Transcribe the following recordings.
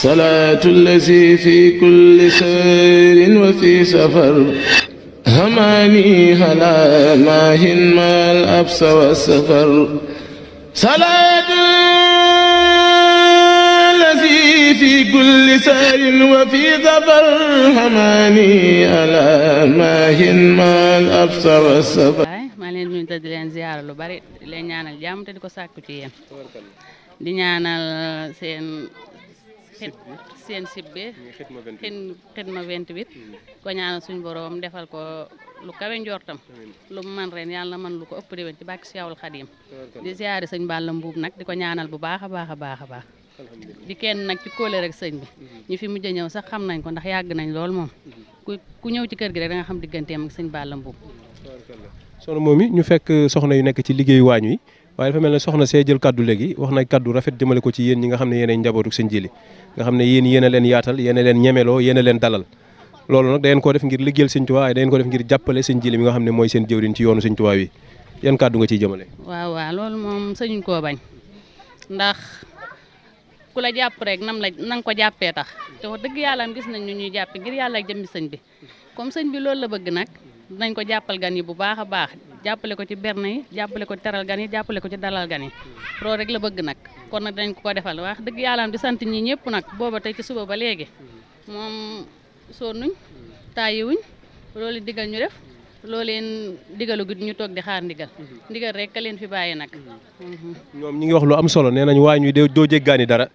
salaatu lazi fi kulli sayrin wa fi safar hamaani halaa maahin maal absa wa safar salaatu lazi fi kulli sayrin wa fi safar hamaani halaa maahin maal absa wa safar. maa leen nuyu te di leen ziyaara lu bari di leen ñaanal jàmm te di ko sàkku ci yéen di ñaanal seen. site seen site bi xidma 28 xidma 28. ko ñaanal suñu borom defal ko lu kawe njortam. lu mu man ren yàlla man lu ko ëpp déwén ci bàkk Seexul Xadiim di ziare sëñ Balla Mbuub nag di ko ñaanal bu baax a baax a baax a baax. di kenn nag ci kóole rek sëñ bi mm-hmm. ñu fi mujj ñëw sax xam nañ ko ndax yàgg nañ lool moom mm-hmm. ku ñëw ci kër gi rek da xam digganteem ak sëñ Balla Mbuub mm-hmm. soxna moom yi ñu fekk soxna yu nekk ci liggéeyu waañ wi waaye dafa mel ne soxna see jël kaddu léegi wax na kaddu rafet jëmale ko ci yéen ñi nga xam ne yéenay njabootu seen jili nga xam ne yéen yéen a leen yaatal yéen a leen ñemeloo yéen a leen dalal loolu nag dangeen ko def ngir liggéeyal seen tuwaay dangeen ko def ngir jàppale seen jili mi nga xam ne mooy seen jëwriñ ci yoonu seen tuwaay wi moom sañuñ koo bañ ndax ku la jàpp rek nam la nanga ko jàppee tax te wax dëgg yàlla gis nañ ñu ñuy jàppe ngir yàlla jëmmi sëñ bi sëñ bi loolu la bëgg nag dinañ ko jàppal gan yi bu baax a baax jàppale ko ci berne yi jàppale ko ci teral gan yi jàppale ko ci dalal gan yi loolu rek la bëgg nag kon nag dañ ko ko defal wax dëgg yàllaam di sant ñi ñëpp nag booba tey ci suba ba léegi moom sonnuñ tàyyiwuñ loolu digal ñu def loo leen digalu gi ñu toog di xaar ndigal ndigal rek ka leen fi bàyyi nag ñoom ñi ngi wax lu am solo nee nañ waa ñu doo jéggaani dara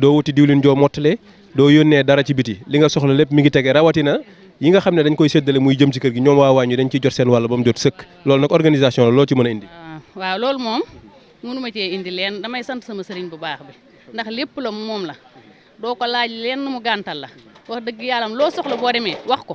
doo wuti diwlin joo mottalee doo yónnee dara ci biti li nga soxla lépp mi ngi tege rawatina yi nga xam ne dañ koy séddale muy jëm ci kër gi ñoom waa waañ yi dañ ciy jot seen wàll ba mu jot sëkk loolu nag organisation la loo ci mën a indi ah, waaw loolu moom mënuma cee indi leen damay sant sama sëriñ bu baax bi ndax lépp la moom la doo ko laaj leen mu gàntal la wax dëgg yàlla loo soxla boo demee wax ko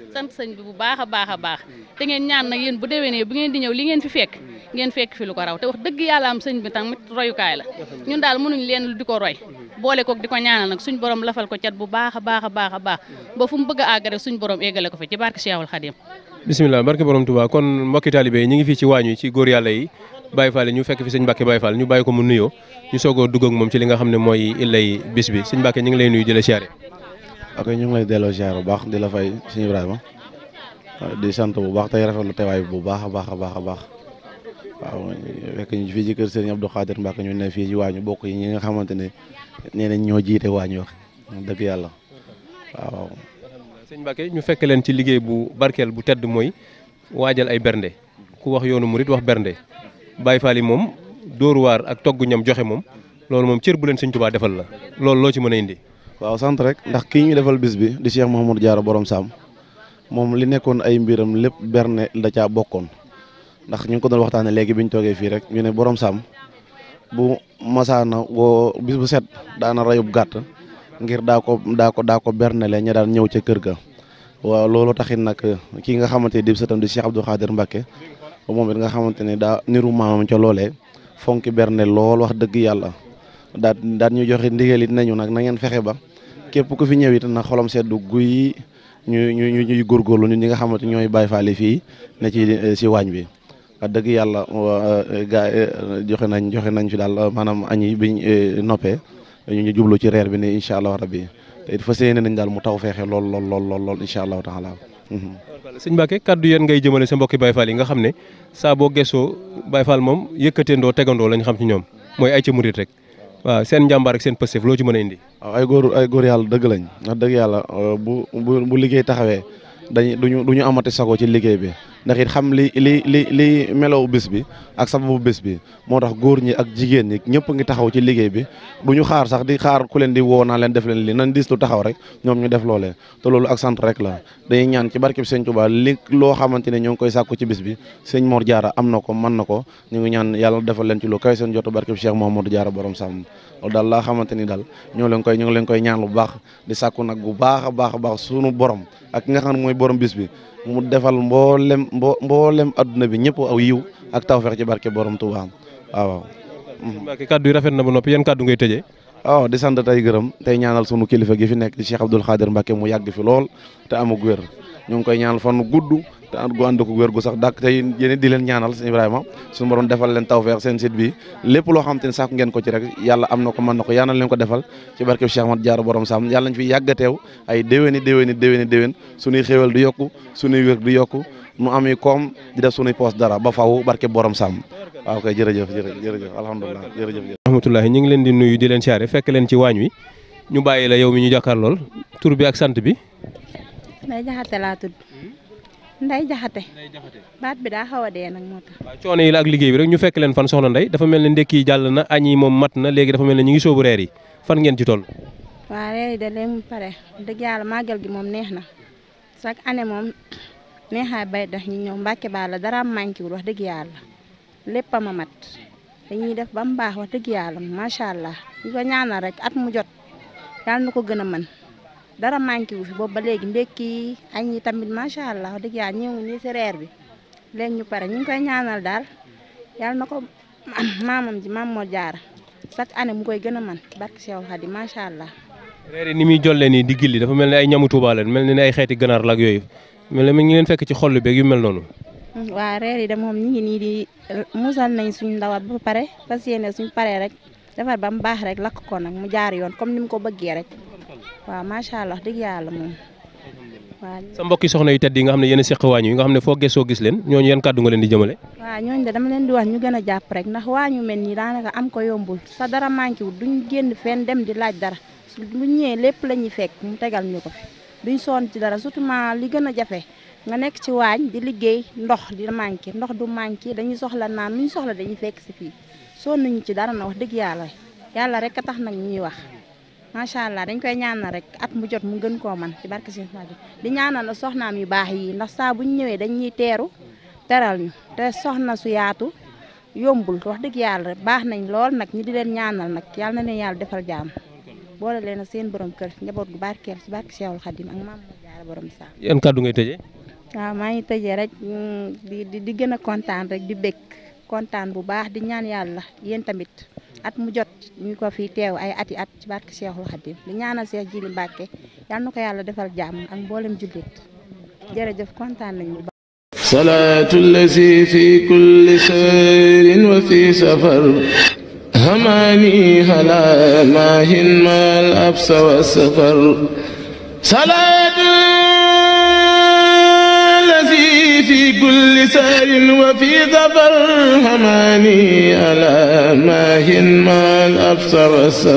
sant sëñ bi bu baax a baax a baax te ngeen ñaan nag yéen bu déwénee bu ngeen di ñëw li ngeen fi fekk ngeen fekk fi lu ko raw te wax dëgg yàlla am sëñ bi tamit royukaay la ñun daal mënuñ leen di ko roy boole koog di ko ñaanal nag suñ borom lafal ko cat bu baax a baax a baax a baax ba fu mu bëgg a àgg rek suñ borom éggale ko fi ci barke Cheikhul Khadim bisimilah barke borom Touba kon mbokki taalibe yi ñu ngi fii ci waañ ci góor yàlla yi Baye Fall moom ci li nga xam ne mooy illay bis bi sëñ Mbacke ñu ak ñu ngi lay delloo ziar bu baax di la fay sëñ Ibrahima di sant bu baax tey rafetlu teewaay bi bu baax a baax a baax a baax waaw fekk ñu fii ci kër Serigne Abdou Khadir Mbacke fii ci bokk yi ñi nga xamante ne nee nañ ñoo jiite waañ wax dëgg yàlla waaw. sëñ Mbacke ñu fekk leen ci liggéey bu barkeel bu tedd mooy waajal ay bernde ku wax yoonu murit wax bernde baay Fall yi moom dóoruwaar ak togg ñam joxe moom loolu moom cër bu leen sëñ Tuubaa defal la loolu loo ci mën a indi. waaw sant rek ndax kii ñu defal bis bi di Cheikh Mouhamadou Diarra borom saam moom li nekkoon ay mbiram lépp berne da caa bokkoon ndax ñu ko doon waxtaanee léegi bi ñu toogee fii rek ñu ne borom saam bu masaana woo bis bu set daana rayub gàtt ngir daa ko daa ko daa ko bernele ña daan ñëw ca kër ga. waaw loolu taxit nag kii nga xamante di sëtam di Cheikh Abdou mbake Mbacke moom it nga xamante ne daa niru maamam ca loolee fonki berne lool wax dëgg yàlla daal daal ñu joxe ndigal it nañu nag na ngeen fexe ba. képp ku fi ñëw it na xolam seddu guy ñu ñu ñuy góorgóorlu ñun ñi nga xamante ñooy bay Faal fii ne ci si waañ bi wax dëgg yàlla gaa eh, joxe nañ joxe nañ fi daal maanaam añi biñ eh, noppee ñu jublu ci reer bi ni incha allah rabbi te it fas yéene nañ daal mu taw feexe lool lool lool lool allah incha allahu taala mhm. sëñ Mbacke kaddu yéen ngay jëmale sa mbokki Baye Fall yi nga xam ne saa boo gesoo Baye Fall moom yëkkateendoo tegandoo lañ xam ci ñoom mooy ay ci murit rek waa seen njàmbaar ak seen pëstef loo ci mën a indi. waaw ay góor ay góor yàlla dëgg lañ wax dëgg yàlla euh, bu bu bu liggéey taxawee dañuy duñu duñu amati sago ci liggéey bi ndax it xam li li li li melow bés bi ak sababu bés bi moo tax góor ñi ak jigéen ñi ñëpp ngi taxaw ci liggéey bi du ñu xaar sax di xaar ku leen di woo naa leen def leen li nan dis lu taxaw rek ñoom ñu def loole te loolu ak sant rek la dañuy ñaan ci barkeb Sëñ Tuubaa li loo xamante ne ñoo ngi koy sàkku ci bis bi sëñ Mor Diarra am na ko mën na ko ñu ngi ñaan yàlla defal leen ci lu kaw seen jotu barkeb Cheikh Mouhamadou Diarra borom sàmm loolu daal xamante ni daal ñoo leen koy ñu ngi leen koy ñaan lu baax di sàkku nag bu baax a baax a baax sunu borom ak nga xam mooy borom bis bi mu defal mboolem mbo mboolem adduna bi ñëpp aw yiw ak tawfeex ci barke borom Touba waaw waaw. Mbacke kaddu yi rafet na ba noppi yan kaddu ngay tëjee. waaw di sant tey gërëm tey ñaanal sunu kilifa gi fi nekk di Cheikh Abdoul Khadir Mbacke mu yàgg fi lool te amug wér ñu ngi koy ñaanal fan gudd te ànd gu ànd ko wér gu sax dàkk tey yéen di leen ñaanal sëñ Ibrahima suñu borom defal leen tawfeex seen site bi lépp loo xam te ne sàkk ngeen ko ci rek yàlla am na ko mën na ko yaanal leen ko defal ci barkeb Cheikh Ahmad Diarra borom Sam yàlla ñu fi yàggateew ay déwéni déwéni déwéni déwén suñuy xéewal du yokku suñuy wér du yokku mu ami koom di def suñuy poos dara ba faw barke borom Sam waaw kay jërëjëf jërëjëf alhamdulilah jërëjëf rahmatullahi ñu ngi leen di nuyu di leen siyaare fekk leen ci waañ wi ñu bàyyi la yow mi ñu jàkkaar lool tur ak sant bi nday jaxate baat bi daa xaw a dee nag moo tax coono yi la ak liggéey bi rek ñu fekk leen fan soxna nday dafa mel ne ndekki jàll na añ yi moom mat na léegi dafa mel ne ñu ngi soobu reer yi fan ngeen ci toll waaw reer yi da leen mu pare dëgg yàlla màggal gi moom neex na chaque année moom neexaay bay tax ñu ñëw mbàkke baa la dara manquéwul wax dëgg yàlla lépp a ma mat ñuy def ba mu baax wax dëgg yàlla macha allah ñu ko ñaanal rek at mu jot yàlla na ko gën a mën dara manqué wu fi boobu ba léegi ndekki añ yi tamit macha allah dëgg yàlla ñëw nii si reer bi léegi ñu pare ñu koy ñaanal daal yàlla na ko maamam ji maam moo jaar chaque année mu koy gën a man barke Cheikh Khady macha allah. reer ni muy jolle nii di gilli dafa mel ni ay ñamu Tuuba leen mel ni ay xeeti ganaar la yooyu mel na mi ngi leen fekk ci xol beeg yu mel noonu. Mm, waaw reer yi de moom ñu ngi nii di musal nañ suñu ndawal ba pare fas yéene suñu paree rek defar ba mu baax rek lakk ko nag mu jaar yoon comme ni mu ko bëggee rek. waaw macha allah dégg yàlla moom. waaw sa mbokki soxna yu tedd yi nga xam ne yéen a seq waañ yi nga xam ne foo gëstoo gis leen ñooñu yan kàddu nga leen di jëmale waaw ñooñu de dama leen di wax ñu gën a jàpp rek ndax waañu mel nii daanaka am ko yombul sa dara manqué wul duñ génn fenn dem di laaj dara su bu ñëwee lépp lañuy fekk mu tegal ñu ko fi duñ sonn ci dara surtout li gën a jafe nga nekk ci waañ di liggéey ndox di manqué ndox du manqué dañuy soxla naan luñ soxla dañuy fekk si fii sonnuñu ci dara na wax dëgg yàlla yàlla rek tax nag ñuy wax macha allah dañ koy ñaanal rek at mu jot mu gën koo man ci barke Sëñ Fallou di ñaanal soxnaam yu baax yi ndax saa bu ñu ñëwee dañ ñuy teeru teral ñu te soxna su yaatu yombul wax dëgg yàlla baax nañ lool nag ñi di leen ñaanal nag yàlla na leen yàlla defal jaam boole leen seen borom kër njaboot gu barkeel ci barke Cheikhul Khadim ak maam la jaara borom saa. yan kàddu ngay tëjee. waaw maa ngi tëjee rek mm, di di gën a kontaan rek di bég kontaan bu baax di ñaan yàlla yéen tamit at mu jot ñu ko fi teew ay ati at ci barke Cheikhul Khadim di ñaanal Cheikh Djily Mbacké yal ko yàlla defal jàmm ak mboolem jullit jërëjëf kontaan nañ bu baax salaatu lazi fi kulli sayrin wa fi safar hamani hala maahin mal wa safar في كل سهر وفي ظفر هماني على ماهن ما الأبصر السفر